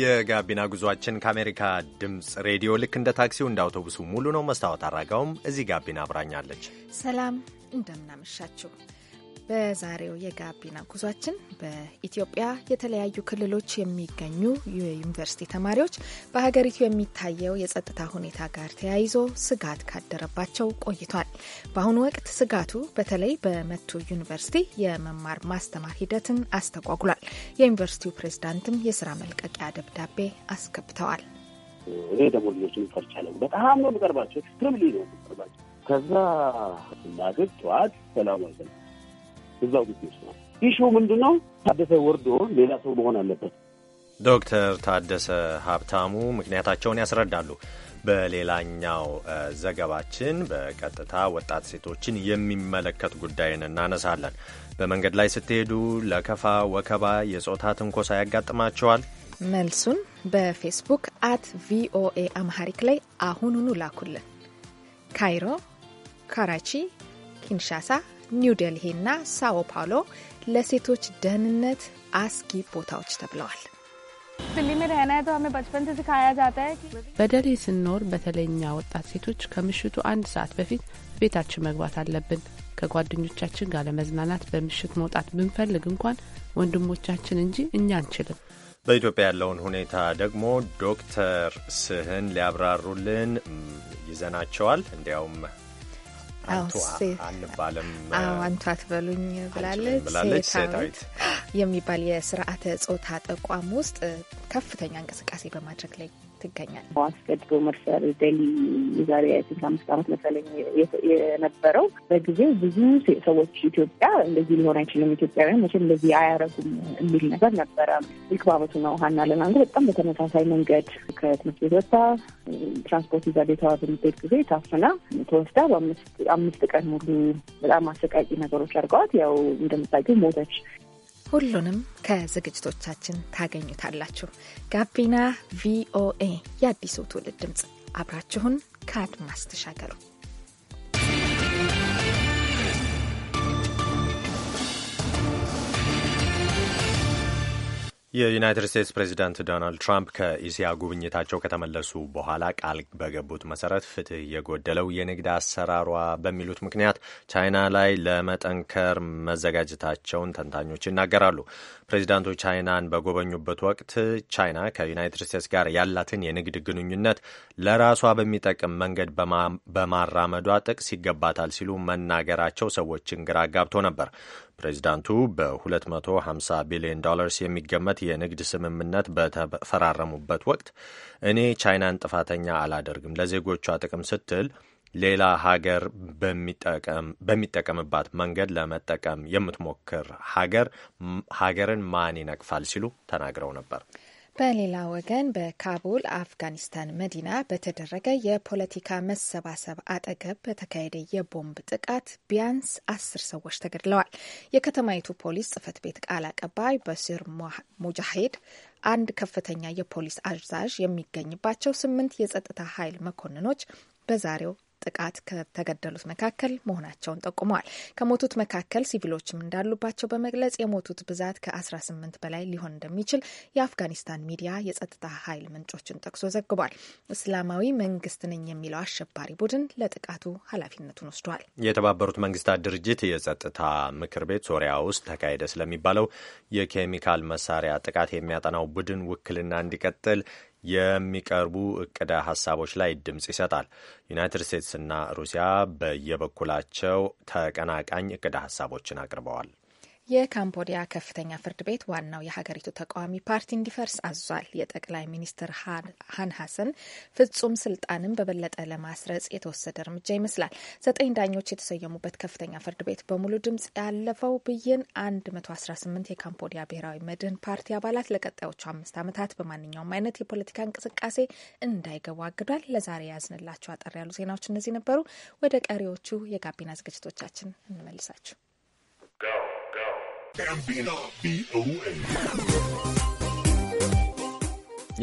የጋቢና ጉዟችን ከአሜሪካ ድምፅ ሬዲዮ ልክ እንደ ታክሲው እንደ አውቶቡሱ ሙሉ ነው። መስታወት አራጋውም እዚህ ጋቢና አብራኛለች። ሰላም እንደምናመሻችሁ በዛሬው የጋቢና ጉዟችን በኢትዮጵያ የተለያዩ ክልሎች የሚገኙ የዩኒቨርሲቲ ተማሪዎች በሀገሪቱ የሚታየው የጸጥታ ሁኔታ ጋር ተያይዞ ስጋት ካደረባቸው ቆይቷል። በአሁኑ ወቅት ስጋቱ በተለይ በመቱ ዩኒቨርሲቲ የመማር ማስተማር ሂደትን አስተጓጉሏል። የዩኒቨርሲቲው ፕሬዝዳንትም የስራ መልቀቂያ ደብዳቤ አስገብተዋል። ይሄ ደግሞ ልጆችን ፈርቻለሁ። በጣም ነው የምቀርባቸው፣ ትምሊ ነው የምቀርባቸው። ከዛ እናገር ጠዋት ሰላም እዛው ግቢ ውስጥ ነው። ይሹ ምንድን ነው? ታደሰ ወርዶ ሌላ ሰው መሆን አለበት። ዶክተር ታደሰ ሀብታሙ ምክንያታቸውን ያስረዳሉ። በሌላኛው ዘገባችን በቀጥታ ወጣት ሴቶችን የሚመለከት ጉዳይን እናነሳለን። በመንገድ ላይ ስትሄዱ ለከፋ ወከባ፣ የጾታ ትንኮሳ ያጋጥማቸዋል? መልሱን በፌስቡክ አት ቪኦኤ አምሃሪክ ላይ አሁኑኑ ላኩልን። ካይሮ፣ ካራቺ፣ ኪንሻሳ ኒው ዴልሂና ሳኦ ፓውሎ ለሴቶች ደህንነት አስጊ ቦታዎች ተብለዋል። በደሌ ስንኖር በተለይኛ ወጣት ሴቶች ከምሽቱ አንድ ሰዓት በፊት ቤታችን መግባት አለብን። ከጓደኞቻችን ጋር ለመዝናናት በምሽት መውጣት ብንፈልግ እንኳን ወንድሞቻችን እንጂ እኛ አንችልም። በኢትዮጵያ ያለውን ሁኔታ ደግሞ ዶክተር ስህን ሊያብራሩልን ይዘናቸዋል እንዲያውም አንባለም አንቷ አትበሉኝ ብላለች። ሴታዊት የሚባል የስርዓተ ጾታ ተቋም ውስጥ ከፍተኛ እንቅስቃሴ በማድረግ ላይ ትገኛለች። አስገድዶ መድፈር ዴሊ የዛሬ አምስት ዓመት መሰለኝ የነበረው በጊዜው ብዙ ሰዎች ኢትዮጵያ እንደዚህ ሊሆን አይችልም፣ ኢትዮጵያውያን መቼም እንደዚህ አያረጉም የሚል ነገር ነበረ። ልክባበቱ ነው ሀና ለናንተ በጣም በተመሳሳይ መንገድ ከትምህርት ቤት ወጥታ ትራንስፖርት ይዛ ቤተዋ በምትሄድ ጊዜ ታፍና ተወስዳ በአምስት ቀን ሙሉ በጣም አሰቃቂ ነገሮች አድርገዋት ያው እንደምታውቂው ሞተች። ሁሉንም ከዝግጅቶቻችን ታገኙታላችሁ። ጋቢና ቪኦኤ የአዲሱ ትውልድ ድምፅ፣ አብራችሁን ከአድማስ ተሻገሩ። የዩናይትድ ስቴትስ ፕሬዚዳንት ዶናልድ ትራምፕ ከኢሲያ ጉብኝታቸው ከተመለሱ በኋላ ቃል በገቡት መሰረት ፍትህ የጎደለው የንግድ አሰራሯ በሚሉት ምክንያት ቻይና ላይ ለመጠንከር መዘጋጀታቸውን ተንታኞች ይናገራሉ። ፕሬዚዳንቱ ቻይናን በጎበኙበት ወቅት ቻይና ከዩናይትድ ስቴትስ ጋር ያላትን የንግድ ግንኙነት ለራሷ በሚጠቅም መንገድ በማራመዷ ጥቅስ ይገባታል ሲሉ መናገራቸው ሰዎችን ግራ አጋብቶ ነበር። ፕሬዚዳንቱ በ250 ቢሊዮን ዶላርስ የሚገመት የንግድ ስምምነት በተፈራረሙበት ወቅት እኔ ቻይናን ጥፋተኛ አላደርግም፣ ለዜጎቿ ጥቅም ስትል ሌላ ሀገር በሚጠቀምባት መንገድ ለመጠቀም የምትሞክር ሀገር ሀገርን ማን ይነቅፋል ሲሉ ተናግረው ነበር። በሌላ ወገን በካቡል አፍጋኒስታን መዲና በተደረገ የፖለቲካ መሰባሰብ አጠገብ በተካሄደ የቦምብ ጥቃት ቢያንስ አስር ሰዎች ተገድለዋል። የከተማይቱ ፖሊስ ጽህፈት ቤት ቃል አቀባይ በሲር ሙጃሂድ አንድ ከፍተኛ የፖሊስ አዛዥ የሚገኝባቸው ስምንት የጸጥታ ኃይል መኮንኖች በዛሬው ጥቃት ከተገደሉት መካከል መሆናቸውን ጠቁመዋል። ከሞቱት መካከል ሲቪሎችም እንዳሉባቸው በመግለጽ የሞቱት ብዛት ከ18 በላይ ሊሆን እንደሚችል የአፍጋኒስታን ሚዲያ የጸጥታ ኃይል ምንጮችን ጠቅሶ ዘግቧል። እስላማዊ መንግስት ነኝ የሚለው አሸባሪ ቡድን ለጥቃቱ ኃላፊነቱን ወስዷል። የተባበሩት መንግስታት ድርጅት የጸጥታ ምክር ቤት ሶሪያ ውስጥ ተካሄደ ስለሚባለው የኬሚካል መሳሪያ ጥቃት የሚያጠናው ቡድን ውክልና እንዲቀጥል የሚቀርቡ እቅደ ሀሳቦች ላይ ድምፅ ይሰጣል። ዩናይትድ ስቴትስና ሩሲያ በየበኩላቸው ተቀናቃኝ እቅደ ሀሳቦችን አቅርበዋል። የካምቦዲያ ከፍተኛ ፍርድ ቤት ዋናው የሀገሪቱ ተቃዋሚ ፓርቲ እንዲፈርስ አዟል። የጠቅላይ ሚኒስትር ሀን ሀሰን ፍጹም ስልጣንን በበለጠ ለማስረጽ የተወሰደ እርምጃ ይመስላል። ዘጠኝ ዳኞች የተሰየሙበት ከፍተኛ ፍርድ ቤት በሙሉ ድምጽ ያለፈው ብይን 118 የካምቦዲያ ብሔራዊ መድህን ፓርቲ አባላት ለቀጣዮቹ አምስት ዓመታት በማንኛውም አይነት የፖለቲካ እንቅስቃሴ እንዳይገቡ አግዷል። ለዛሬ ያዝንላቸው አጠር ያሉ ዜናዎች እነዚህ ነበሩ። ወደ ቀሪዎቹ የጋቢና ዝግጅቶቻችን እንመልሳችሁ። ጋቢና ቪኦኤ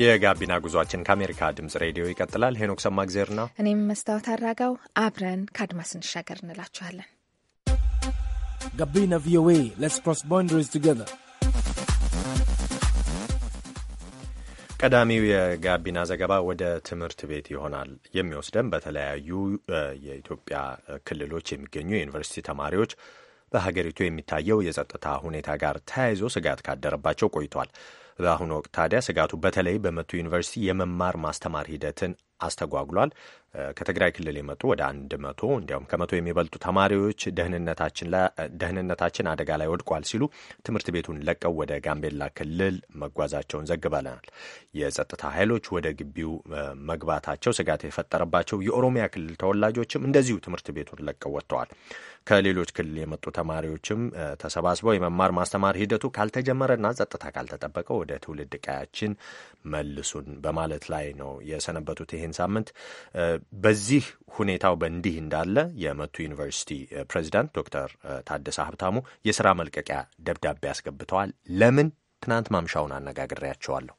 የጋቢና ጉዟችን ከአሜሪካ ድምጽ ሬዲዮ ይቀጥላል። ሄኖክ ሰማግዜርና እኔም መስታወት አራጋው አብረን ከአድማስ እንሻገር እንላችኋለን። ጋቢና ቪኦኤ ሌትስ ክሮስ ቦንደሪስ ቱጌዘር ቀዳሚው የጋቢና ዘገባ ወደ ትምህርት ቤት ይሆናል የሚወስደን በተለያዩ የኢትዮጵያ ክልሎች የሚገኙ የዩኒቨርሲቲ ተማሪዎች በሀገሪቱ የሚታየው የጸጥታ ሁኔታ ጋር ተያይዞ ስጋት ካደረባቸው ቆይቷል። በአሁኑ ወቅት ታዲያ ስጋቱ በተለይ በመቱ ዩኒቨርሲቲ የመማር ማስተማር ሂደትን አስተጓጉሏል። ከትግራይ ክልል የመጡ ወደ አንድ መቶ እንዲያውም ከመቶ የሚበልጡ ተማሪዎች ደህንነታችን አደጋ ላይ ወድቋል ሲሉ ትምህርት ቤቱን ለቀው ወደ ጋምቤላ ክልል መጓዛቸውን ዘግበለናል። የጸጥታ ኃይሎች ወደ ግቢው መግባታቸው ስጋት የፈጠረባቸው የኦሮሚያ ክልል ተወላጆችም እንደዚሁ ትምህርት ቤቱን ለቀው ወጥተዋል። ከሌሎች ክልል የመጡ ተማሪዎችም ተሰባስበው የመማር ማስተማር ሂደቱ ካልተጀመረና ጸጥታ ካልተጠበቀ ወደ ትውልድ ቀያችን መልሱን በማለት ላይ ነው የሰነበቱት ይህን ሳምንት። በዚህ ሁኔታው በእንዲህ እንዳለ የመቱ ዩኒቨርሲቲ ፕሬዚዳንት ዶክተር ታደሰ ሀብታሙ የስራ መልቀቂያ ደብዳቤ አስገብተዋል። ለምን? ትናንት ማምሻውን አነጋግሬያቸዋለሁ።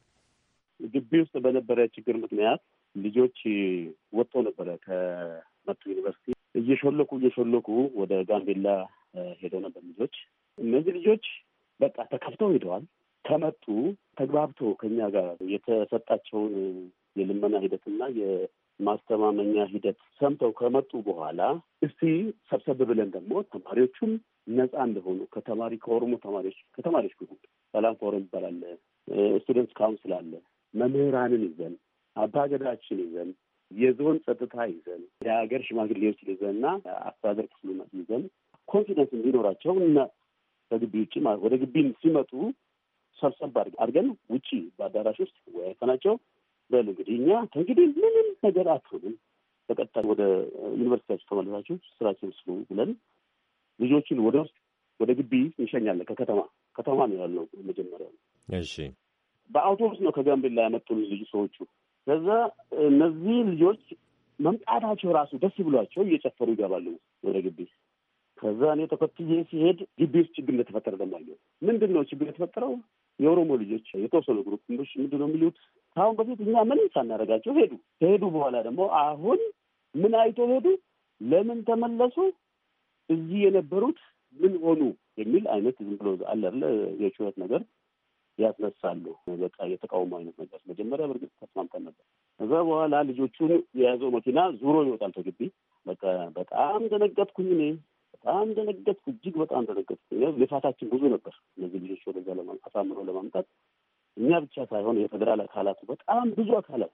ግቢ ውስጥ በነበረ ችግር ምክንያት ልጆች ወጥቶ ነበረ ከመቱ ዩኒቨርሲቲ እየሾለኩ እየሾለኩ ወደ ጋምቤላ ሄደው ነበር ልጆች። እነዚህ ልጆች በቃ ተከፍተው ሄደዋል። ከመጡ ተግባብቶ ከኛ ጋር የተሰጣቸውን የልመና ሂደትና የማስተማመኛ ሂደት ሰምተው ከመጡ በኋላ እስቲ ሰብሰብ ብለን ደግሞ ተማሪዎቹም ነፃ እንደሆኑ ከተማሪ ከኦሮሞ ተማሪዎች ከተማሪዎች ግሩፕ ሰላም ፎረም ይባላል፣ ስቱደንት ካውንስል አለ፣ መምህራንን ይዘን አባገዳችን ይዘን የዞን ጸጥታ ይዘን የሀገር ሽማግሌዎች ይዘን ይዘንና አስተዳደር ክፍሉ ይዘን ኮንፊደንስ እንዲኖራቸው እና ከግቢ ውጭ ወደ ግቢን ሲመጡ ሰብሰብ አድርገን ውጭ በአዳራሽ ውስጥ ወያይተናቸው በል እንግዲህ እኛ ከእንግዲህ ምንም ነገር አትሆንም፣ በቀጥታ ወደ ዩኒቨርሲቲያችሁ ተመለሳችሁ ስራችን ስሉ ብለን ልጆችን ወደ ውስጥ ወደ ግቢ እንሸኛለን። ከከተማ ከተማ ነው ያለው መጀመሪያ። እሺ፣ በአውቶቡስ ነው ከጋምቤላ ያመጡን ልጅ ሰዎቹ ከዛ እነዚህ ልጆች መምጣታቸው ራሱ ደስ ብሏቸው እየጨፈሩ ይገባሉ ወደ ግቢ። ከዛ እኔ ተከትዬ ሲሄድ ግቢ ውስጥ ችግር እንደተፈጠረ ደማለ። ምንድን ነው ችግር የተፈጠረው? የኦሮሞ ልጆች የተወሰኑ ግሩፕ ምንድን ነው የሚሉት? ከአሁን በፊት እኛ ምንም ሳናደርጋቸው ሄዱ። ከሄዱ በኋላ ደግሞ አሁን ምን አይቶ ሄዱ? ለምን ተመለሱ? እዚህ የነበሩት ምን ሆኑ? የሚል አይነት ዝም ብሎ አለ የጩኸት ነገር ያስነሳሉ። በቃ የተቃውሞ አይነት ነገር መጀመሪያ በእርግጥ ተስማምተን ነበር። እዛ በኋላ ልጆቹን የያዘው መኪና ዙሮ ይወጣል ተግቢ። በቃ በጣም ደነገጥኩኝ እኔ በጣም ደነገጥኩ፣ እጅግ በጣም ደነገጥኩ። ልፋታችን ብዙ ነበር እነዚህ ልጆች ወደዛ አሳምሮ ለማምጣት እኛ ብቻ ሳይሆን የፌዴራል አካላቱ በጣም ብዙ አካላት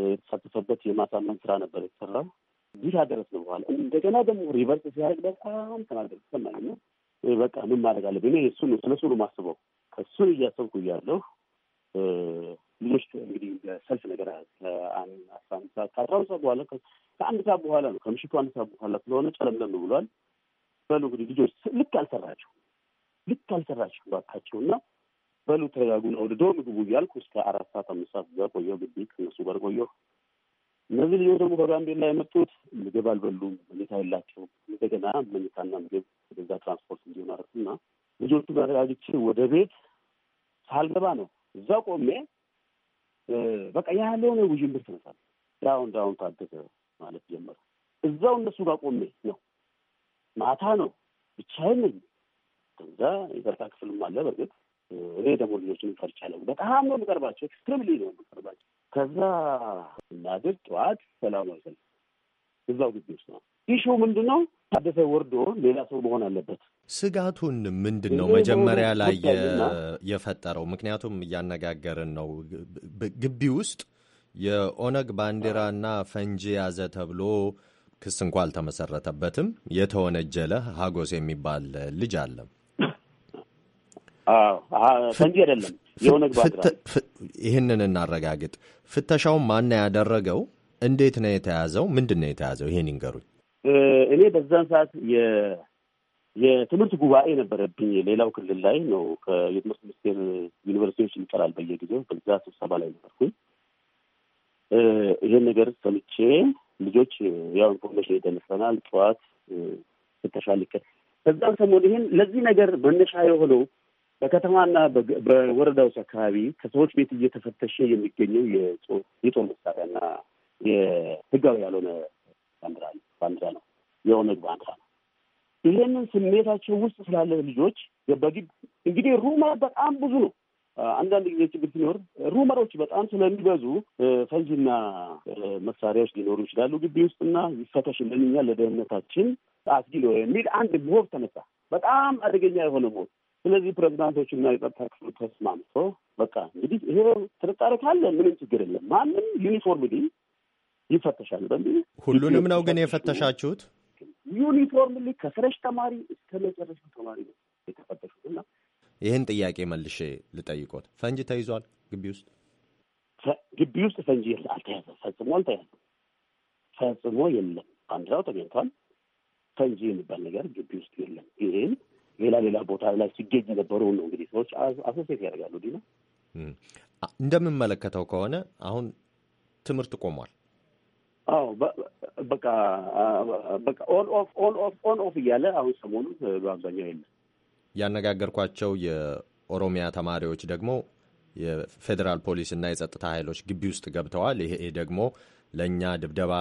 የተሳተፈበት የማሳመን ስራ ነበር የተሰራው። እዚህ አደረስ ነው በኋላ እንደገና ደግሞ ሪቨርስ ሲያደርግ በጣም ተናደር ተሰማኝ። በቃ ምን ማድረግ አለብኝ እኔ ስለ ሱሉ ማስበው እሱን እያሰብኩ እያለሁ ልጆች እንግዲህ ሰልፍ ነገር አስራ አንድ ሰዓት ከአስራ አንድ ሰዓት በኋላ ከአንድ ሰዓት በኋላ ነው ከምሽቱ አንድ ሰዓት በኋላ ስለሆነ ጨለምለም ብሏል። በሉ እንግዲህ ልጆች ልክ አልሰራችሁ ልክ አልሰራችሁ ባካቸው እና በሉ ተረጋጉን ወደዶ ምግቡ እያልኩ እስከ አራት ሰዓት አምስት ሰዓት እዛ ቆየሁ። ግቢ ከእነሱ ጋር ቆየሁ። እነዚህ ልጆች ደግሞ ከጋምቤላ የመጡት ምግብ አልበሉም፣ መኝታ የላቸውም። እንደገና መኝታና ምግብ ወደዛ ትራንስፖርት እንዲሆን አረፍና ልጆቹ ጋር ተጋግቼ ወደ ቤት ሳልገባ ነው እዛ ቆሜ በቃ ያለውን ውዥንብር ትነሳል። ዳውን ዳውን ታደገ ማለት ጀመሩ። እዛው እነሱ ጋር ቆሜ ነው። ማታ ነው፣ ብቻዬን ነኝ። ከዛ የቀርታ ክፍልም አለ። በእርግጥ እኔ ደግሞ ልጆችን ፈርቻለሁ። በጣም ነው የምቀርባቸው፣ ኤክስትሪምሊ ነው የምቀርባቸው። ከዛ እናድር ጠዋት ሰላማዊ ሰልፍ እዛው ግቢ ውስጥ ነው ይሹ ምንድን ነው? ታደሰ ወርዶ ሌላ ሰው መሆን አለበት። ስጋቱን ምንድን ነው መጀመሪያ ላይ የፈጠረው? ምክንያቱም እያነጋገርን ነው ግቢ ውስጥ የኦነግ ባንዲራና ፈንጂ ያዘ ተብሎ ክስ እንኳ አልተመሰረተበትም። የተወነጀለ ሀጎስ የሚባል ልጅ አለ። ፈንጂ አይደለም ይህንን እናረጋግጥ። ፍተሻውን ማን ያደረገው? እንዴት ነው የተያዘው? ምንድን ነው የተያዘው? ይሄን ይንገሩኝ። እኔ በዛን ሰዓት የትምህርት ጉባኤ ነበረብኝ። ሌላው ክልል ላይ ነው የትምህርት ሚኒስቴር ዩኒቨርሲቲዎች ይጠራል በየጊዜው በዛ ስብሰባ ላይ ነበርኩኝ። ይህን ነገር ሰምቼ ልጆች ያው ኢንፎርሜሽን ይደልፈናል ጠዋት ፍተሻ ሊከ ከዛም ሰሞን ይህን ለዚህ ነገር መነሻ የሆነው በከተማና በወረዳዎች አካባቢ ከሰዎች ቤት እየተፈተሸ የሚገኘው የጦር መሳሪያና የህጋዊ ያልሆነ ያምራል ባንዲራ ነው፣ የኦነግ ባንዲራ ነው። ይሄንን ስሜታቸው ውስጥ ስላለ ልጆች በግድ እንግዲህ ሩመር በጣም ብዙ ነው። አንዳንድ ጊዜ ችግር ሲኖር ሩመሮች በጣም ስለሚበዙ ፈንጂና መሳሪያዎች ሊኖሩ ይችላሉ ግቢ ውስጥና ይፈተሽ እኛ ለደህንነታችን አስጊ ነው የሚል አንድ ሞብ ተነሳ። በጣም አደገኛ የሆነ ሞብ። ስለዚህ ፕሬዚዳንቶች ፕሬዚዳንቶችና የጸጥታ ክፍሉ ተስማምቶ በቃ እንግዲህ ይሄ ጥርጣሬ ካለ ምንም ችግር የለም ማንም ዩኒፎርምሊ ይፈተሻል በሚል ሁሉንም ነው ግን የፈተሻችሁት? ል ከፍረሽ ተማሪ እስከ መጨረሻ ተማሪ ነው የተፈተሹት። እና ይህን ጥያቄ መልሼ ልጠይቆት፣ ፈንጅ ተይዟል ግቢ ውስጥ? ግቢ ውስጥ ፈንጂ አልተያዘ፣ ፈጽሞ አልተያዘ፣ ፈጽሞ የለም። ባንዲራው ተገኝቷል። ፈንጂ የሚባል ነገር ግቢ ውስጥ የለም። ይህን ሌላ ሌላ ቦታ ላይ ሲገኝ የነበረውን ነው እንግዲህ ሰዎች አሶሴት ያደርጋሉ። ነው እንደምመለከተው ከሆነ አሁን ትምህርት ቆሟል አዎ በቃ በቃ ኦን ኦፍ ኦን ኦፍ ኦን ኦፍ እያለ አሁን ሰሞኑ በአብዛኛው የለም። ያነጋገርኳቸው የኦሮሚያ ተማሪዎች ደግሞ የፌዴራል ፖሊስ እና የጸጥታ ኃይሎች ግቢ ውስጥ ገብተዋል። ይሄ ደግሞ ለእኛ ድብደባ፣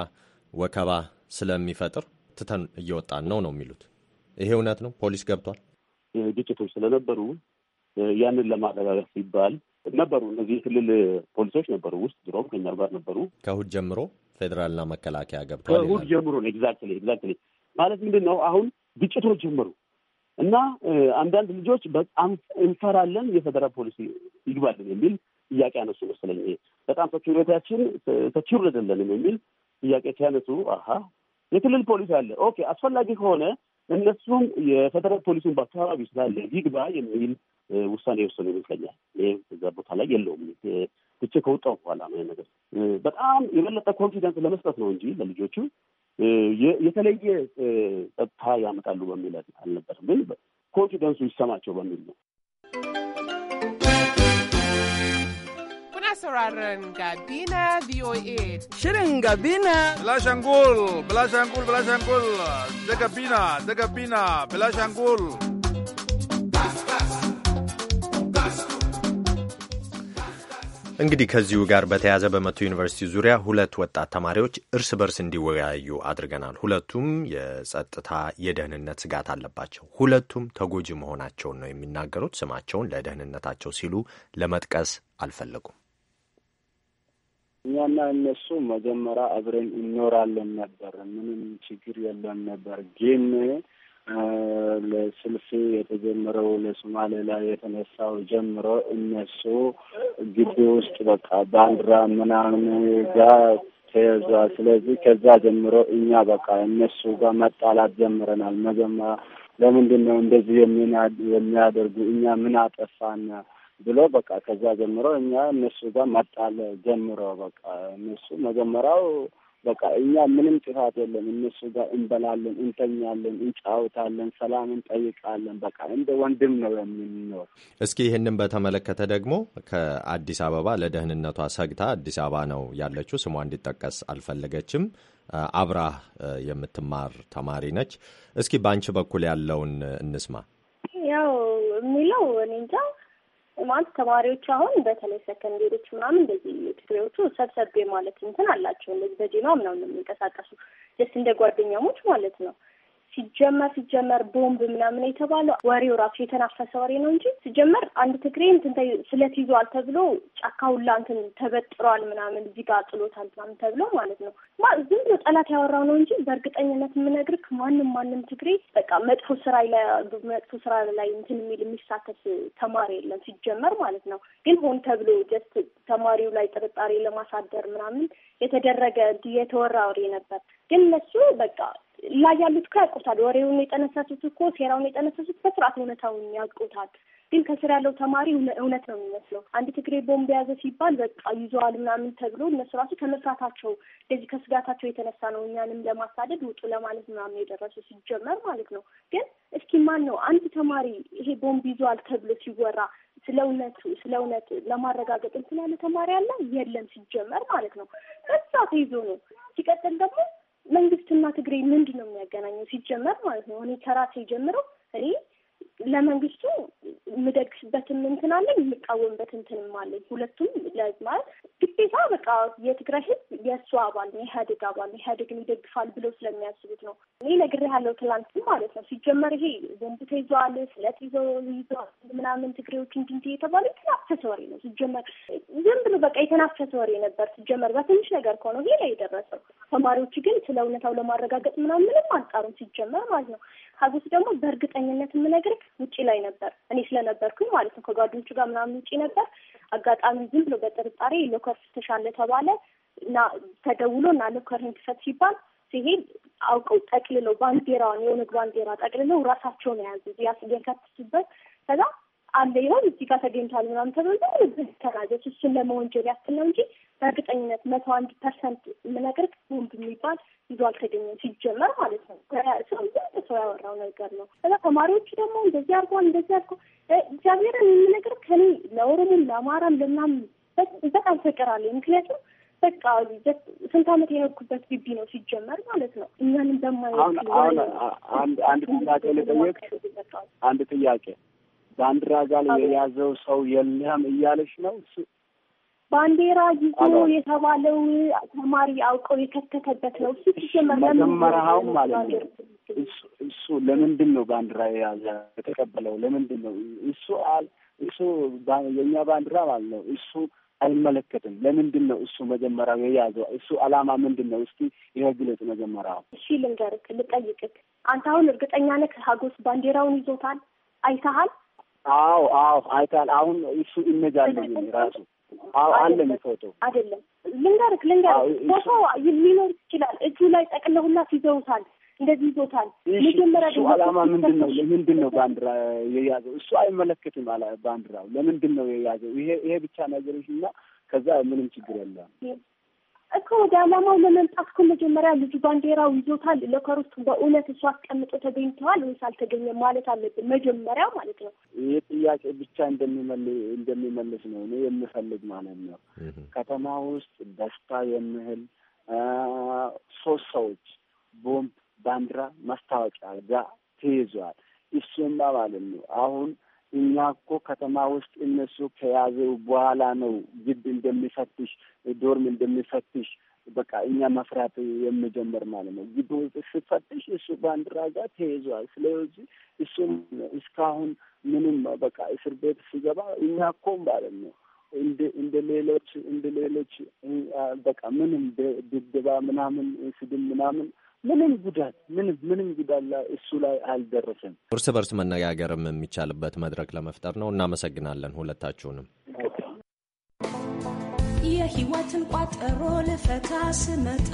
ወከባ ስለሚፈጥር ትተን እየወጣን ነው ነው የሚሉት። ይሄ እውነት ነው። ፖሊስ ገብቷል። ግጭቶች ስለነበሩ ያንን ለማረጋገጥ ሲባል ነበሩ እነዚህ ክልል ፖሊሶች ነበሩ፣ ውስጥ ድሮም ከኛ ጋር ነበሩ ከእሑድ ጀምሮ ፌዴራልና መከላከያ ገብተዋል። ከእሑድ ጀምሮ ነው። ኤግዛክትሊ ኤግዛክትሊ ማለት ምንድን ነው? አሁን ግጭቶች ጀመሩ እና አንዳንድ ልጆች በጣም እንፈራለን የፌዴራል ፖሊሲ ይግባልን የሚል ጥያቄ አነሱ መሰለኝ። ይሄ በጣም ሰኪሪቲያችን ሰኪር አይደለንም የሚል ጥያቄ ሲያነሱ፣ አሀ የክልል ፖሊስ አለ ኦኬ፣ አስፈላጊ ከሆነ እነሱም የፌደራል ፖሊሱን በአካባቢ ስላለ ይግባ የሚል ውሳኔ የወሰኑ ይመስለኛል። እዛ ቦታ ላይ የለውም ትቼ ከወጣው በኋላ ነው ነገር በጣም የበለጠ ኮንፊደንስ ለመስጠት ነው እንጂ ለልጆቹ የተለየ ጸጥታ ያመጣሉ በሚል አልነበርም፣ ግን ኮንፊደንሱ ይሰማቸው በሚል ነው። sauraron Gabina VOA. Shirin Gabina. Bilashangul, Bilashangul, Bilashangul. Da Gabina, da Gabina, Bilashangul. እንግዲህ ከዚሁ ጋር በተያያዘ በመቶ ዩኒቨርሲቲ ዙሪያ ሁለት ወጣት ተማሪዎች እርስ በርስ እንዲወያዩ አድርገናል። ሁለቱም የጸጥታ የደህንነት ስጋት አለባቸው። ሁለቱም ተጎጂ መሆናቸውን ነው የሚናገሩት። ስማቸውን ለደህንነታቸው ሲሉ ለመጥቀስ አልፈለጉም። እኛና እነሱ መጀመሪያ አብረን እኖራለን ነበር። ምንም ችግር የለም ነበር ግን ለስልፍ የተጀመረው ለሶማሌ ላይ የተነሳው ጀምሮ እነሱ ግቢ ውስጥ በቃ ባንዲራ ምናምን ጋር ተያዟል። ስለዚህ ከዛ ጀምሮ እኛ በቃ እነሱ ጋር መጣላት ጀምረናል። መጀመሪያ ለምንድን ነው እንደዚህ የሚያደርጉ? እኛ ምን አጠፋና ብሎ በቃ ከዛ ጀምሮ እኛ እነሱ ጋር መጣል ጀምሮ በቃ እነሱ መጀመሪያው በቃ እኛ ምንም ጥፋት የለም እነሱ ጋር እንበላለን፣ እንተኛለን፣ እንጫወታለን፣ ሰላም እንጠይቃለን። በቃ እንደ ወንድም ነው የምንኖር። እስኪ ይህንን በተመለከተ ደግሞ ከአዲስ አበባ ለደህንነቷ ሰግታ አዲስ አበባ ነው ያለችው፣ ስሟ እንዲጠቀስ አልፈለገችም። አብራህ የምትማር ተማሪ ነች። እስኪ በአንቺ በኩል ያለውን እንስማ። ያው የሚለው እኔ እንጃ ማለት ተማሪዎች አሁን በተለይ ሰከንዴሮች ምናምን እንደዚህ ትግሬዎቹ ሰብሰቤ ማለት እንትን አላቸው እንደዚህ በዜማ ምናምን የሚንቀሳቀሱ ደስ እንደ ጓደኛሞች ማለት ነው። ሲጀመር ሲጀመር ቦምብ ምናምን የተባለው ወሬው ራሱ የተናፈሰ ወሬ ነው እንጂ ሲጀመር አንድ ትግሬ እንትን ስለት ይዟል ተብሎ ጫካ ሁላ እንትን ተበጥሯል ምናምን እዚህ ጋር ጥሎታል ምናምን ተብሎ ማለት ነው። ዝም ብሎ ጠላት ያወራው ነው እንጂ በእርግጠኝነት የምነግርህ ማንም ማንም ትግሬ በቃ መጥፎ ስራ መጥፎ ስራ ላይ እንትን የሚል የሚሳተፍ ተማሪ የለም ሲጀመር ማለት ነው። ግን ሆን ተብሎ ጀስት ተማሪው ላይ ጥርጣሬ ለማሳደር ምናምን የተደረገ የተወራ ወሬ ነበር። ግን እነሱ በቃ ላይ ያሉት እኮ ያውቁታል። ወሬውን የጠነሰሱት እኮ ሴራውን የጠነሰሱት በስርዓት እውነታውን ያውቁታል። ግን ከስር ያለው ተማሪ እውነት ነው የሚመስለው። አንድ ትግሬ ቦምብ የያዘ ሲባል በቃ ይዘዋል ምናምን ተብሎ እነሱ ራሱ ከመፍራታቸው እንደዚህ ከስጋታቸው የተነሳ ነው እኛንም ለማሳደድ ውጡ ለማለት ምናምን የደረሱ ሲጀመር ማለት ነው። ግን እስኪ ማን ነው አንድ ተማሪ ይሄ ቦምብ ይዘዋል ተብሎ ሲወራ ስለ እውነቱ ስለ እውነት ለማረጋገጥ እንትን ያለ ተማሪ አለ? የለም ሲጀመር ማለት ነው። በዛ ተይዞ ነው ሲቀጥል ደግሞ ትግሬ ምንድን ነው የሚያገናኘው ሲጀመር ማለት ነው? እኔ ከራሴ ጀምረው እኔ ለመንግስቱ የምደግፍበትም እንትን አለኝ፣ የምቃወምበት እንትንም አለኝ። ሁለቱም ማለት ግዴታ በቃ የትግራይ ህዝብ የእሱ አባል ነው፣ ኢህአዴግ አባል ነው፣ ኢህአዴግን ይደግፋል ብለው ስለሚያስቡት ነው። እኔ ያለው ትላንትም ማለት ነው። ሲጀመር ይሄ ዘንብ ተይዘዋል፣ ስለት ይዘው ይዘዋል ምናምን ትግሬዎች እንድንት የተባለ የተናፈሰ ወሬ ነው። ሲጀመር ዝም ብሎ በቃ የተናፈሰ ወሬ ነበር። ሲጀመር በትንሽ ነገር ከሆነ ይሄ ላይ የደረሰው ተማሪዎች ግን ስለ እውነታው ለማረጋገጥ ምናምንም ምንም አልጣሩም ሲጀመር ማለት ነው። ሀጎስ ደግሞ በእርግጠኝነት የምነግርህ ውጪ ላይ ነበር እኔ ስለነበርኩኝ ማለት ነው። ከጓደኞቹ ጋር ምናምን ውጪ ነበር። አጋጣሚ ዝም ብሎ በጥርጣሬ ሎከር ፍተሻለ ተባለ እና ተደውሎ እና ሎከርን ክፈት ሲባል ሲሄድ አውቀው ጠቅልለው ባንዲራውን የኦነግ ባንዲራ ጠቅልለው ራሳቸውን የያዙ ያስገከትሱበት ከዛ አለ ይሆን እዚህ ጋር ተገኝቷል ምናምን ተብሎ ተናዘች እሱን ለመወንጀል ያክል ነው እንጂ በእርግጠኝነት መቶ አንድ ፐርሰንት የምነግርህ ቦምብ የሚባል ይዞ አልተገኘም ሲጀመር ማለት ነው። ሰው ሰው ያወራው ነገር ነው። ከዛ ተማሪዎቹ ደግሞ እንደዚህ አድርጓል እንደዚህ አድርጎ እግዚአብሔርን የምነግርህ ከኔ ለኦሮሞም ለአማራም ለምናምን በጣም ፍቅር አለኝ። ምክንያቱም በቃ ስንት አመት የኖርኩበት ግቢ ነው ሲጀመር ማለት ነው። እኛንም በማየአንድ ጥያቄ ልጠየቅ፣ አንድ ጥያቄ ባንዲራ ጋር የያዘው ሰው የለም እያለች ነው ባንዲራ ይዞ የተባለው ተማሪ አውቀው የከተተበት ነው። እሱ ማለት ነው። እሱ ለምንድን ነው ባንዲራ የያዘ የተቀበለው? ለምንድን ነው እሱ እሱ የእኛ ባንዲራ ማለት ነው እሱ አይመለከትም። ለምንድን ነው እሱ መጀመሪያው የያዘው? እሱ አላማ ምንድን ነው? እስኪ ይህ ግለጽ መጀመሪያው። እሺ ልንገርክ፣ ልጠይቅክ። አንተ አሁን እርግጠኛ ነህ ሀጎስ ባንዲራውን ይዞታል? አይተሃል? አዎ አዎ አይታል። አሁን እሱ ይነጋለኝ ራሱ አዎ አለኝ ፎቶ አይደለም። ልንገርህ ልንገርህ ፎቶ ሊኖር ይችላል። እጁ ላይ ጠቅለውና ይዘውታል፣ እንደዚህ ይዞታል። መጀመሪያ እሱ አላማ ምንድን ነው? ለምንድን ነው ባንዲራ የያዘው? እሱ አይመለከትም ባንዲራው። ለምንድን ነው የያዘው? ይሄ ይሄ ብቻ ነገሮች እና ከዛ ምንም ችግር የለም። እኮ ወደ ዓላማው ለመምጣት እኮ መጀመሪያ ልጁ ባንዴራው ይዞታል ለከሮቱ በእውነት እሱ አስቀምጦ ተገኝተዋል ወይስ አልተገኘም ማለት አለብን፣ መጀመሪያ ማለት ነው። ይህ ጥያቄ ብቻ እንደሚመልስ ነው እኔ የምፈልግ ማለት ነው። ከተማ ውስጥ ደስታ የምህል ሶስት ሰዎች ቦምብ፣ ባንዲራ፣ ማስታወቂያ ጋር ተይዟል። እሱማ ማለት ነው አሁን እኛ እኮ ከተማ ውስጥ እነሱ ከያዘው በኋላ ነው ግቢ እንደሚፈትሽ ዶርም እንደሚፈትሽ በቃ እኛ መፍራት የምጀምር ማለት ነው። ግቢ ውስጥ ስፈትሽ እሱ ባንዲራ ጋር ተይዟል። ስለዚህ እሱም እስካሁን ምንም በቃ እስር ቤት ሲገባ እኛ እኮ ማለት ነው እንደ ሌሎች እንደ ሌሎች በቃ ምንም ድብደባ ምናምን ስድም ምናምን ምንም ጉዳት ምንም ምንም ጉዳት ላይ እሱ ላይ አልደረሰም። እርስ በርስ መነጋገርም የሚቻልበት መድረክ ለመፍጠር ነው። እናመሰግናለን ሁለታችሁንም። የህይወትን ቋጠሮ ልፈታ ስመጣ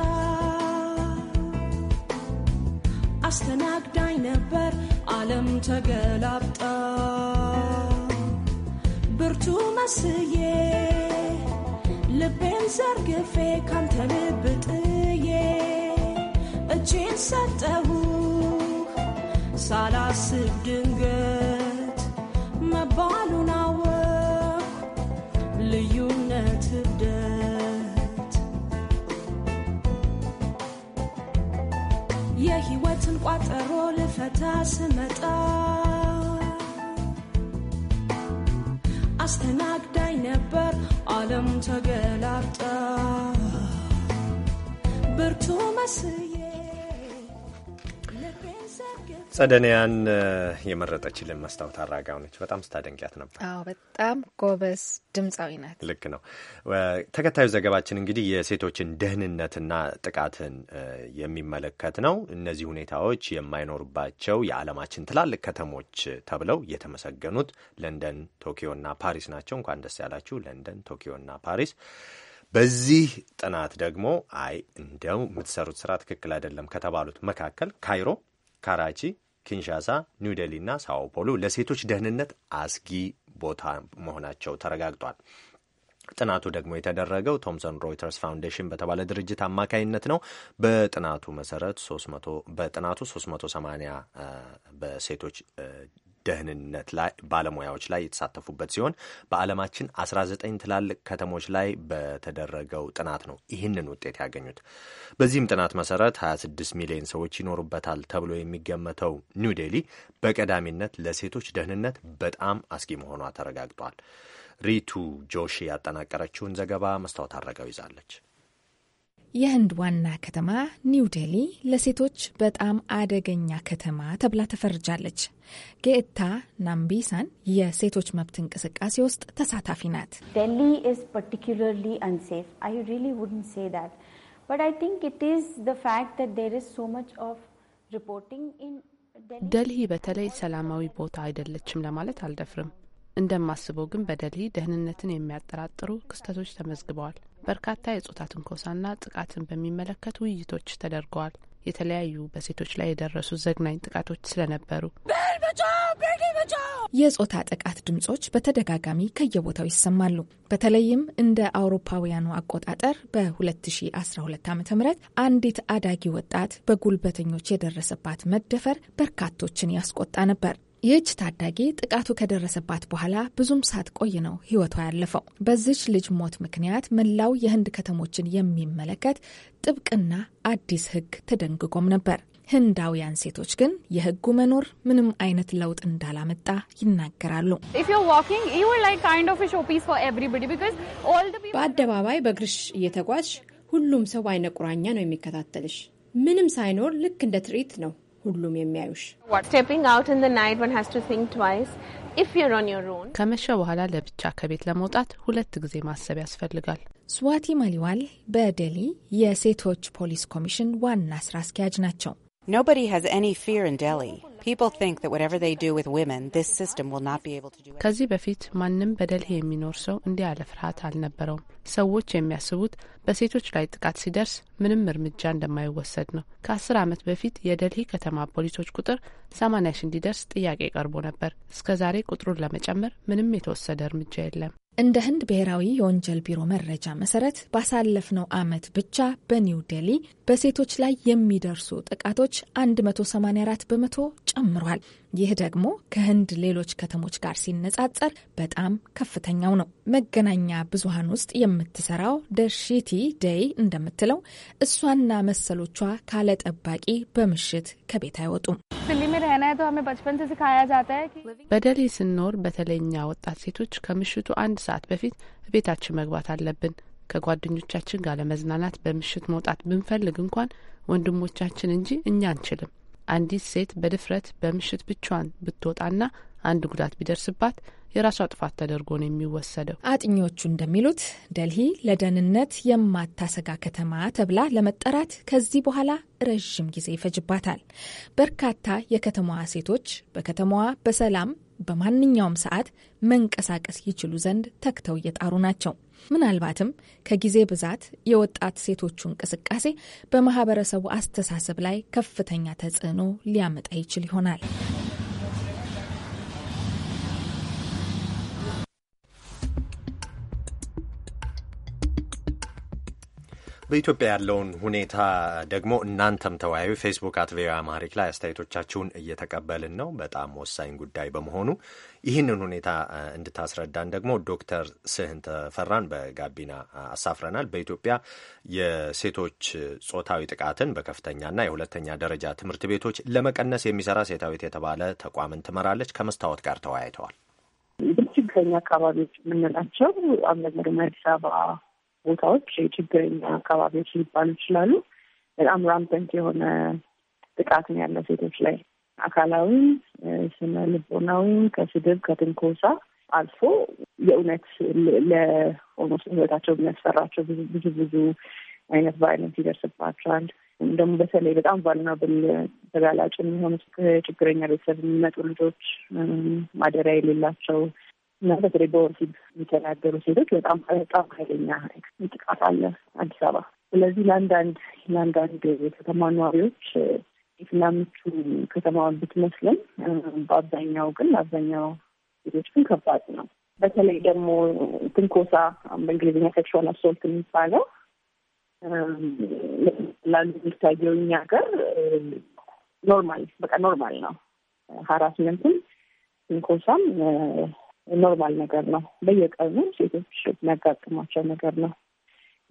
አስተናግዳኝ ነበር ዓለም ተገላብጣ ብርቱ መስዬ ልቤን ዘርግፌ ካንተ ልብ ጥዬ እጄን ሰጠሁ ሳላስብ ድንገት መባሉን አወኩ ልዩነት እብደት የህይወትን ቋጠሮ ልፈታ ስመጣ አስተናግዳኝ ነበር ዓለም ተገላብጣ ብርቱ መስል ጸደንያን የመረጠችልን መስታወት አራጋው ነች። በጣም ስታደንቂያት ነበር። አዎ በጣም ጎበዝ ድምፃዊ ናት። ልክ ነው። ተከታዩ ዘገባችን እንግዲህ የሴቶችን ደህንነትና ጥቃትን የሚመለከት ነው። እነዚህ ሁኔታዎች የማይኖሩባቸው የዓለማችን ትላልቅ ከተሞች ተብለው የተመሰገኑት ለንደን፣ ቶኪዮና ፓሪስ ናቸው። እንኳን ደስ ያላችሁ ለንደን፣ ቶኪዮና ፓሪስ። በዚህ ጥናት ደግሞ አይ እንደው የምትሰሩት ስራ ትክክል አይደለም ከተባሉት መካከል ካይሮ፣ ካራቺ፣ ኪንሻሳ፣ ኒውዴሊ እና ሳዎፖሎ ለሴቶች ደህንነት አስጊ ቦታ መሆናቸው ተረጋግጧል። ጥናቱ ደግሞ የተደረገው ቶምሰን ሮይተርስ ፋውንዴሽን በተባለ ድርጅት አማካይነት ነው። በጥናቱ መሰረት በጥናቱ 380 በሴቶች ደህንነት ላይ ባለሙያዎች ላይ የተሳተፉበት ሲሆን በዓለማችን 19 ትላልቅ ከተሞች ላይ በተደረገው ጥናት ነው ይህንን ውጤት ያገኙት። በዚህም ጥናት መሰረት 26 ሚሊዮን ሰዎች ይኖሩበታል ተብሎ የሚገመተው ኒው ዴሊ በቀዳሚነት ለሴቶች ደህንነት በጣም አስጊ መሆኗ ተረጋግጧል። ሪቱ ጆሺ ያጠናቀረችውን ዘገባ መስታወት አድረገው ይዛለች። የህንድ ዋና ከተማ ኒው ዴሊ ለሴቶች በጣም አደገኛ ከተማ ተብላ ተፈርጃለች። ጌታ ናምቢሳን የሴቶች መብት እንቅስቃሴ ውስጥ ተሳታፊ ናት። ደልሂ በተለይ ሰላማዊ ቦታ አይደለችም ለማለት አልደፍርም። እንደማስበው ግን በደልሂ ደህንነትን የሚያጠራጥሩ ክስተቶች ተመዝግበዋል። በርካታ የጾታ ትንኮሳና ጥቃትን በሚመለከት ውይይቶች ተደርገዋል። የተለያዩ በሴቶች ላይ የደረሱ ዘግናኝ ጥቃቶች ስለነበሩ የጾታ ጥቃት ድምጾች በተደጋጋሚ ከየቦታው ይሰማሉ። በተለይም እንደ አውሮፓውያኑ አቆጣጠር በ2012 ዓ ም አንዲት አዳጊ ወጣት በጉልበተኞች የደረሰባት መደፈር በርካቶችን ያስቆጣ ነበር። ይህች ታዳጊ ጥቃቱ ከደረሰባት በኋላ ብዙም ሳትቆይ ነው ህይወቷ ያለፈው። በዚች ልጅ ሞት ምክንያት መላው የህንድ ከተሞችን የሚመለከት ጥብቅና አዲስ ህግ ተደንግጎም ነበር። ህንዳውያን ሴቶች ግን የህጉ መኖር ምንም አይነት ለውጥ እንዳላመጣ ይናገራሉ። በአደባባይ በእግርሽ እየተጓዝሽ ሁሉም ሰው አይነ ቁራኛ ነው የሚከታተልሽ። ምንም ሳይኖር ልክ እንደ ትርኢት ነው። ሁሉም የሚያዩሽ። ከመሸ በኋላ ለብቻ ከቤት ለመውጣት ሁለት ጊዜ ማሰብ ያስፈልጋል። ስዋቲ ማሊዋል በዴሊ የሴቶች ፖሊስ ኮሚሽን ዋና ስራ አስኪያጅ ናቸው። ከዚህ በፊት ማንም በደልሄ የሚኖር ሰው እንዲህ ያለ ፍርሃት አልነበረውም። ሰዎች የሚያስቡት በሴቶች ላይ ጥቃት ሲደርስ ምንም እርምጃ እንደማይወሰድ ነው። ከአስር ዓመት በፊት የደልሂ ከተማ ፖሊሶች ቁጥር ሰማንያ ሺ እንዲደርስ ጥያቄ ቀርቦ ነበር። እስከ ዛሬ ቁጥሩን ለመጨመር ምንም የተወሰደ እርምጃ የለም። እንደ ህንድ ብሔራዊ የወንጀል ቢሮ መረጃ መሰረት ባሳለፍነው ዓመት ብቻ በኒው ዴሊ በሴቶች ላይ የሚደርሱ ጥቃቶች 184 በመቶ ጨምሯል። ይህ ደግሞ ከህንድ ሌሎች ከተሞች ጋር ሲነጻጸር በጣም ከፍተኛው ነው። መገናኛ ብዙሃን ውስጥ የምትሰራው ደርሺቲ ደይ እንደምትለው እሷና መሰሎቿ ካለ ጠባቂ በምሽት ከቤት አይወጡም። रहना है በደሌ ስንኖር በተለይኛ ወጣት ሴቶች ከምሽቱ አንድ ሰዓት በፊት ቤታችን መግባት አለብን። ከጓደኞቻችን ጋር ለመዝናናት በምሽት መውጣት ብንፈልግ እንኳን ወንድሞቻችን እንጂ እኛ አንችልም። አንዲት ሴት በድፍረት በምሽት ብቻዋን ብትወጣና አንድ ጉዳት ቢደርስባት የራሷ ጥፋት ተደርጎ ነው የሚወሰደው። አጥኚዎቹ እንደሚሉት ደልሂ ለደህንነት የማታሰጋ ከተማ ተብላ ለመጠራት ከዚህ በኋላ ረዥም ጊዜ ይፈጅባታል። በርካታ የከተማዋ ሴቶች በከተማዋ በሰላም በማንኛውም ሰዓት መንቀሳቀስ ይችሉ ዘንድ ተግተው እየጣሩ ናቸው። ምናልባትም ከጊዜ ብዛት የወጣት ሴቶቹ እንቅስቃሴ በማህበረሰቡ አስተሳሰብ ላይ ከፍተኛ ተጽዕኖ ሊያመጣ ይችል ይሆናል። በኢትዮጵያ ያለውን ሁኔታ ደግሞ እናንተም ተወያዩ። ፌስቡክ አት ቪኦኤ አማሪክ ላይ አስተያየቶቻችሁን እየተቀበልን ነው። በጣም ወሳኝ ጉዳይ በመሆኑ ይህንን ሁኔታ እንድታስረዳን ደግሞ ዶክተር ስህን ተፈራን በጋቢና አሳፍረናል። በኢትዮጵያ የሴቶች ጾታዊ ጥቃትን በከፍተኛና የሁለተኛ ደረጃ ትምህርት ቤቶች ለመቀነስ የሚሰራ ሴታዊት የተባለ ተቋምን ትመራለች። ከመስታወት ጋር ተወያይተዋል። ችግረኛ አካባቢዎች የምንላቸው አብዛኛው አዲስ አበባ ቦታዎች የችግረኛ አካባቢዎች ሊባሉ ይችላሉ። በጣም ራምፐንት የሆነ ጥቃት ያለ ሴቶች ላይ አካላዊም፣ ስነ ልቦናዊም፣ ከስድብ ከትንኮሳ አልፎ የእውነት ለሆኖስ ህይወታቸው የሚያስፈራቸው ብዙ ብዙ አይነት ቫይለንስ ይደርስባቸዋል። ደግሞ በተለይ በጣም ቫልናብል ተጋላጭ የሚሆኑ ችግረኛ ቤተሰብ የሚመጡ ልጆች ማደሪያ የሌላቸው እና በተለይ በወሲብ የሚተዳደሩ ሴቶች በጣም በጣም ኃይለኛ ጥቃት አለ አዲስ አበባ። ስለዚህ ለአንዳንድ ለአንዳንድ የከተማ ነዋሪዎች ቤትና ምቹ ከተማዋን ብትመስልም በአብዛኛው ግን አብዛኛው ሴቶች ግን ከባድ ነው። በተለይ ደግሞ ትንኮሳ በእንግሊዝኛ ሴክሹዋል አሶልት የሚባለው ላሉ የሚታየው እኛ ሀገር ኖርማል በቃ ኖርማል ነው። ሀራስመንትም ትንኮሳም ኖርማል ነገር ነው። በየቀኑ ሴቶች የሚያጋጥሟቸው ነገር ነው።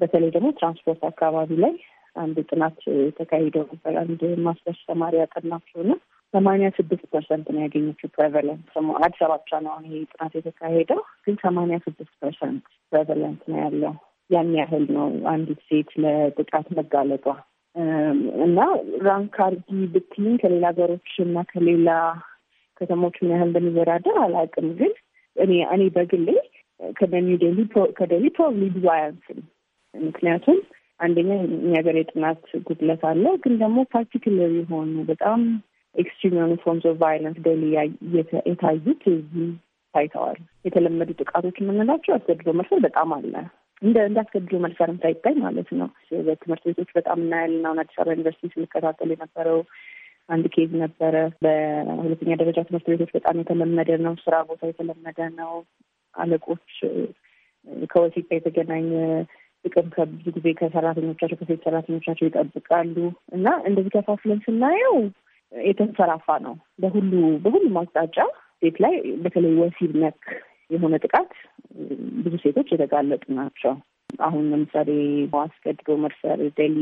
በተለይ ደግሞ ትራንስፖርት አካባቢ ላይ አንድ ጥናት የተካሄደው ነበር። አንድ ማስተርስ ተማሪ ያጠናቸው ነው። ሰማንያ ስድስት ፐርሰንት ነው ያገኘችው ፕሬቨለንት። አዲስ አበባ ብቻ ነው አሁን ይሄ ጥናት የተካሄደው፣ ግን ሰማንያ ስድስት ፐርሰንት ፕሬቨለንት ነው ያለው። ያን ያህል ነው አንዲት ሴት ለጥቃት መጋለጧ እና ራንክ አርጊ ብትልኝ ከሌላ ሀገሮች እና ከሌላ ከተሞች ምን ያህል እንደሚወዳደር አላውቅም ግን እኔ እኔ በግሌ ከደሚዴሊ ከደሊ ፕሮብሊ ብዙ አያንስም። ምክንያቱም አንደኛ የሀገር የጥናት ጉድለት አለ፣ ግን ደግሞ ፓርቲክለር የሆኑ በጣም ኤክስትሪም የሆኑ ፎርምስ ኦፍ ቫይለንስ ደሊ የታዩት እዚህ ታይተዋል። የተለመዱ ጥቃቶች የምንላቸው አስገድዶ መድፈር በጣም አለ እንደ እንዳስገድዶ መድፈርም ሳይታይ ማለት ነው። በትምህርት ቤቶች በጣም እናያለን። አሁን አዲስ አበባ ዩኒቨርሲቲ ስንከታተል የነበረው አንድ ኬዝ ነበረ። በሁለተኛ ደረጃ ትምህርት ቤቶች በጣም የተለመደ ነው። ስራ ቦታ የተለመደ ነው። አለቆች ከወሲብ ጋር የተገናኘ ጥቅም ከብዙ ጊዜ ከሰራተኞቻቸው ከሴት ሰራተኞቻቸው ይጠብቃሉ እና እንደዚህ ከፋፍለን ስናየው የተንሰራፋ ነው። በሁሉ በሁሉም አቅጣጫ ሴት ላይ በተለይ ወሲብ ነክ የሆነ ጥቃት ብዙ ሴቶች የተጋለጡ ናቸው። አሁን ለምሳሌ አስገድዶ መድፈር ዴሊ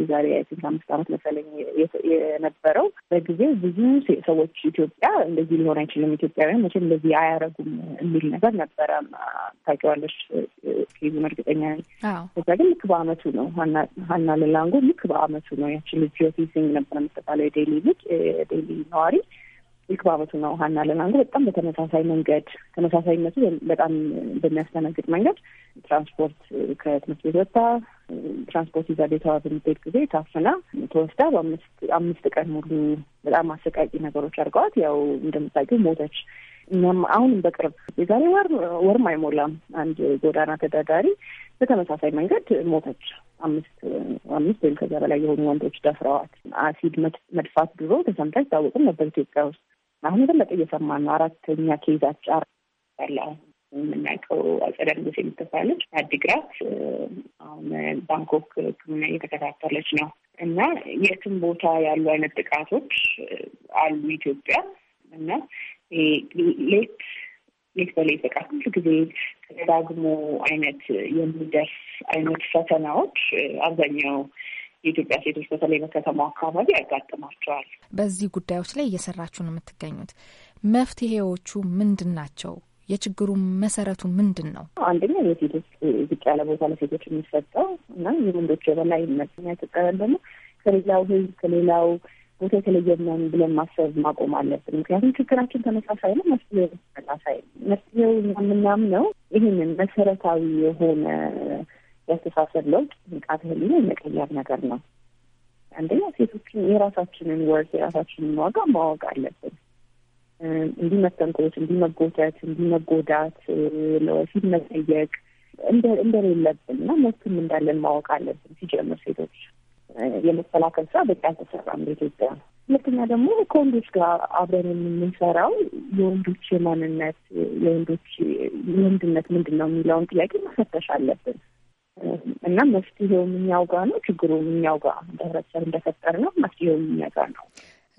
የዛሬ አይቲንክ አምስት ዓመት መሰለኝ የነበረው በጊዜ ብዙ ሰዎች ኢትዮጵያ እንደዚህ ሊሆን አይችልም፣ ኢትዮጵያውያን መቼም እንደዚህ አያረጉም የሚል ነገር ነበረ። ታውቂዋለሽ ኬዙን እርግጠኛ ነኝ። ከዛ ግን ልክ በአመቱ ነው ሀና ልላንጎ ልክ በአመቱ ነው ያችን ልጅ ሲንግ ነበር የምትባለው የዴሊ ልጅ ዴሊ ነዋሪ ነው ውሀና ለናንተ በጣም በተመሳሳይ መንገድ ተመሳሳይነቱ በጣም በሚያስተናግድ መንገድ ትራንስፖርት ከትምህርት ቤት ወጥታ ትራንስፖርት ይዛ ቤተዋ በምትሄድ ጊዜ ታፍና ተወስዳ በአምስት አምስት ቀን ሙሉ በጣም አሰቃቂ ነገሮች አድርገዋት ያው እንደምታውቂው ሞተች። እኛም አሁንም በቅርብ የዛሬ ወር ወርም አይሞላም አንድ ጎዳና ተዳዳሪ በተመሳሳይ መንገድ ሞተች። አምስት አምስት ወይም ከዚያ በላይ የሆኑ ወንዶች ደፍረዋት። አሲድ መድፋት ድሮ ተሰምታ አይታወቅም ነበር ኢትዮጵያ ውስጥ። አሁን የበለጠ እየሰማን ነው። አራተኛ ኬዝ አጫር ያለ የምናውቀው አጸደ ጊዜ የምትባለች አዲግራት አሁን ባንኮክ ሕክምና እየተከታተለች ነው እና የትም ቦታ ያሉ አይነት ጥቃቶች አሉ ኢትዮጵያ እና ሌት ሌት በሌት በቃ ሁሉ ጊዜ ተደጋግሞ አይነት የሚደርስ አይነት ፈተናዎች አብዛኛው የኢትዮጵያ ሴቶች በተለይ በከተማው አካባቢ ያጋጥማቸዋል። በዚህ ጉዳዮች ላይ እየሰራችሁ ነው የምትገኙት። መፍትሄዎቹ ምንድን ናቸው? የችግሩ መሰረቱ ምንድን ነው? አንደኛ የሴቶች ዝቅ ያለ ቦታ ለሴቶች የሚሰጠው እና የወንዶች የበላይ መገኛ ደግሞ ከሌላው ህዝብ ከሌላው ቦታ የተለየ ብለን ማሰብ ማቆም አለብን። ምክንያቱም ችግራችን ተመሳሳይ ነው፣ መፍትሄው ተመሳሳይ መፍትሄው የምናምነው ይህንን መሰረታዊ የሆነ የአስተሳሰብ ለውጥ ንቃተ ህሊና የመቀየር ነገር ነው። አንደኛ ሴቶችን የራሳችንን ወርት የራሳችንን ዋጋ ማወቅ አለብን። እንዲህ መተንኮስ፣ እንዲህ መጎተት፣ እንዲህ መጎዳት፣ ለወሲብ መጠየቅ እንደሌለብን እና መብትም እንዳለን ማወቅ አለብን። ሲጀምር ሴቶች የመከላከል ስራ በቂ አልተሰራም በኢትዮጵያ። ሁለተኛ ደግሞ ከወንዶች ጋር አብረን የምንሰራው የወንዶች የማንነት የወንዶች የወንድነት ምንድን ነው የሚለውን ጥያቄ መፈተሽ አለብን። እና መፍትሄው እኛው ነው፣ ችግሩ እኛው ህብረተሰብ እንደፈጠር ነው፣ መፍትሄውም እኛ ነው።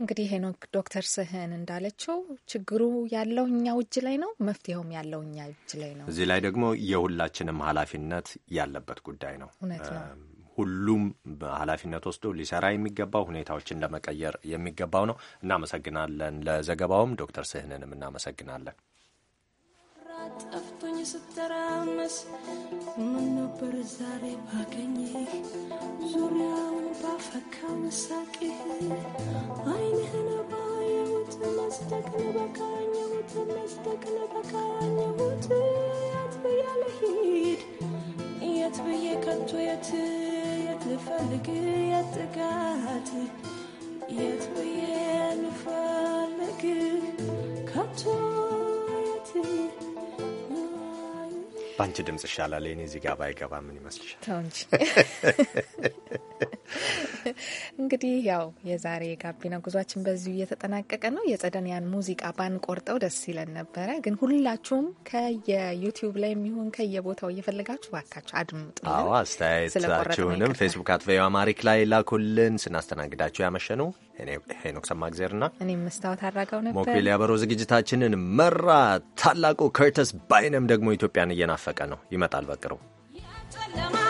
እንግዲህ ሄኖክ ዶክተር ስህን እንዳለችው ችግሩ ያለው እኛ እጅ ላይ ነው፣ መፍትሄውም ያለው እኛ እጅ ላይ ነው። እዚህ ላይ ደግሞ የሁላችንም ኃላፊነት ያለበት ጉዳይ ነው። እውነት ነው። ሁሉም ኃላፊነት ወስዶ ሊሰራ የሚገባው ሁኔታዎችን ለመቀየር የሚገባው ነው። እናመሰግናለን ለዘገባውም ዶክተር ስህንንም እናመሰግናለን። ጠፍቶኝ ስተራመስ ምን ነበር ዛሬ ባገኘህ ዙሪያውን ባፈካ መሳቅህ አይንህን ባየሁት መስደቅ በቃኘሁት መስደቅ በቃኘሁት የት ብዬ ልሂድ የት ብዬ ከቶ የት የት ልፈልግ የት ጥጋት የት ብዬ በአንቺ ድምጽ ይሻላል። እኔ እዚህ ጋር ባይገባ ምን ይመስልሻል? እንግዲህ ያው የዛሬ የጋቢና ጉዟችን በዚሁ እየተጠናቀቀ ነው። የጸደንያን ሙዚቃ ባን ቆርጠው ደስ ይለን ነበረ፣ ግን ሁላችሁም ከየዩቲዩብ ላይ የሚሆን ከየቦታው እየፈለጋችሁ ባካችሁ አድምጡ። አዎ አስተያየታችሁንም ፌስቡክ አት ቪኦኤ አማሪክ ላይ ላኩልን። ስናስተናግዳችሁ ያመሸ ነው ሄኖክ ሰማእግዜርና እኔም መስታወት አድራጋው ነበር። ሞክቢል ያበሮ ዝግጅታችንን መራ። ታላቁ ከርተስ ባይነም ደግሞ ኢትዮጵያን እየናፈቀ ነው፣ ይመጣል በቅርቡ።